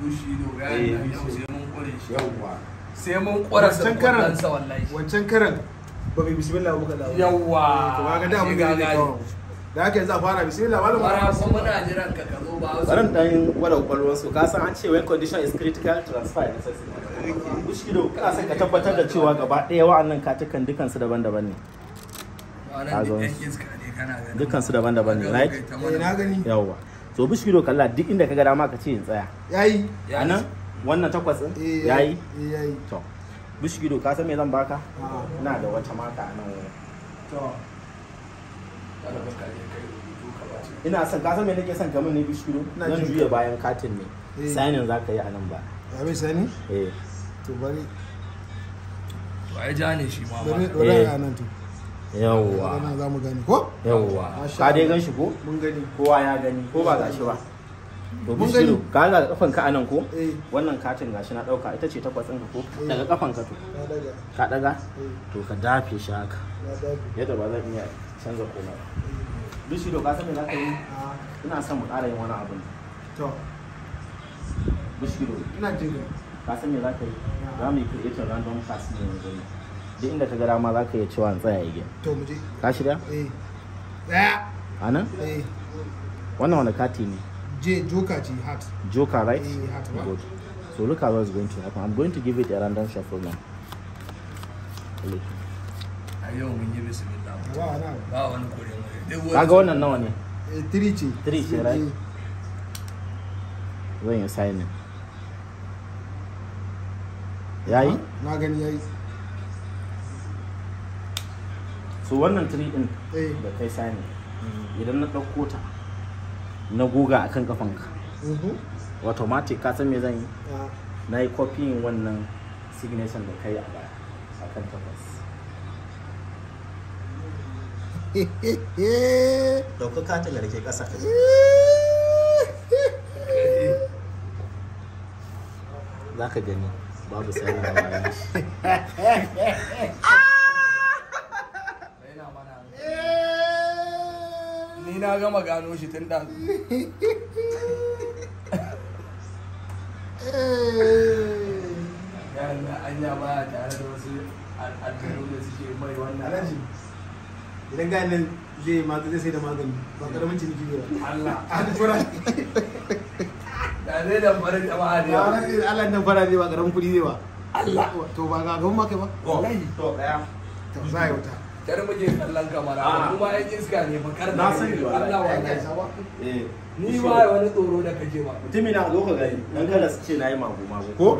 bushi dogara eh, yau sai mun kore shi yawwa sai mun kore sa karan sa wallahi wancan karan ba bi bismillah ba kaza yawwa to da mun da haka yanzu a fara bismillah malam mara sun muna jiran ka ka zo ba dan wala kwalwan su ka san an ce when condition is critical transfer necessary bushi do ka san ka tabbatar da cewa gaba daya wa'annan katukan dukansu daban-daban ne dukansu daban-daban ne right eh, yawwa so bishi kido kalla duk inda ka gada dama ka ce in tsaya yayi anan wannan takwas din eh, yayi yayi eh, to bishi ka san me zan baka ah. ina da wata maka a nan wurin to ina son ka san me nake son kamar ne bishi kido zan juya bayan katin ne eh. sainin za ka yi a nan ba ya mai sani eh to bari to ai ja ne shi ma ba eh yawwa nan za mu gani ko yawwa ka dai gan shi ko mun gani kowa ya gani ko ba gashi ba to bishiru ka ga kafan ka anan ko eh. wannan katin gashi na dauka ita ce takwas ɗinka ko eh. daga kafan ka to ka daga eh. to ka dafe shi haka yadda ba zan iya canza komai bishiru ka san me za ka yi ah. ina son mu ƙara yin wani abu to bishiru ina jin ka san me za ka yi za mu yi creating random pass ne yanzu duk inda ka ga dama za ka iya cewa an tsaya igiya to mu ka shirya eh daya a eh wannan wani kati ne je joker ji hat joker right eh hat good so look how it's going to happen i'm going to give it a random shuffle now ayo mun wannan nawa ne 3 eh, ce 3 eh. zan yi signing yayi so wannan tiri din eh. da kai sani idan na ɗauko ta na goga kan kafanka mhm. automatic ka san me zan yi ah. na yi copying wannan signation da kai a baya akan tabbas ɗauka katin da ke ƙasa za ka gani babu sani a na gama gano shi tun da eh. yana anya ba tare da wasu al'adun da suke mai wannan alaji idan ga nan zai mata zai sai da magani ba karamin ciniki ba Allah an fura da zai da fara da jama'a da yawa Allah nan fara ne ba karamin kudi ne ba Allah to ba ga gaban ma kai ba wallahi to daya to za a wuta yar muke kallon kamar mu ba yan iska ne bakar na sani ni Allah wallahi eh, ni ba wani tsoro da kake ba mutumi na zo ka gani dan kada su ce na yi mago ko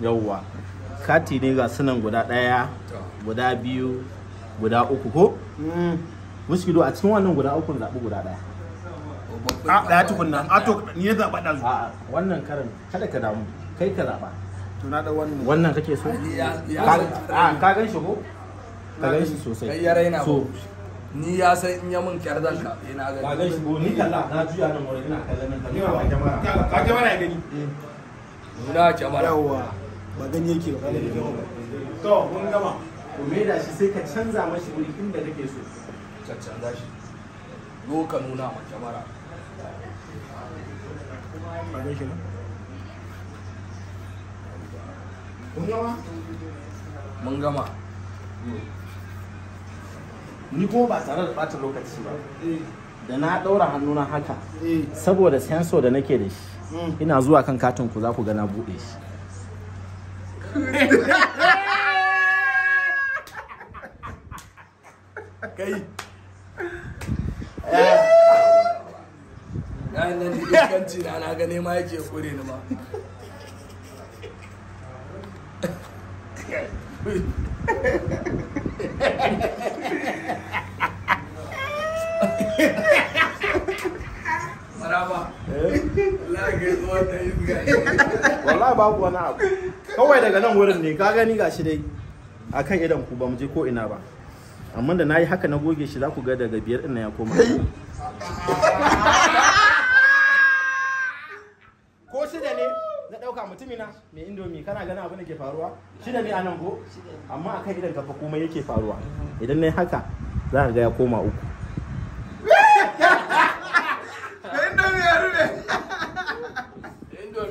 yawwa kati ne ga sunan guda daya guda biyu guda uku ko mm. muskido a cikin wannan guda uku zaɓi guda daya a daya nan a to ni ya zaɓa ɗazu a wannan karin kada ka damu kai ka zaɓa wannan kake so ka gan shi ko ka gan shi sosai ya raina so ni ya san in ya mun kyar zan ka ina eh, ga ka gan shi ni kalla na juya nan wurin ina kallon nan ka kamera ka kamera ya gani na kamera yawa ba gani yake ba to mun gama ko me da shi sai ka canza mashi wuri inda kake so ka canza shi ka nuna ma kamera ba gan shi mun gama mun gama ni ko ba tare da ɓata lokaci ba eh. da na ɗaura hannuna haka eh. saboda senso da nake da shi mm. ina zuwa kan katin ku za ku ga buɗe shi kai eh. wallahi babu wani kawai daga nan wurin ne ka gani gashi dai akan idan ku ba mu je ko ina ba amma da nayi haka na goge shi za ku ga daga biyar ɗin ya koma ko da ne na ɗauka mutumina mai indomi kana ganin abin da ke faruwa shida ne a nan ko amma akan idan kafa komai yake faruwa idan nayi haka za ka ga ya koma uku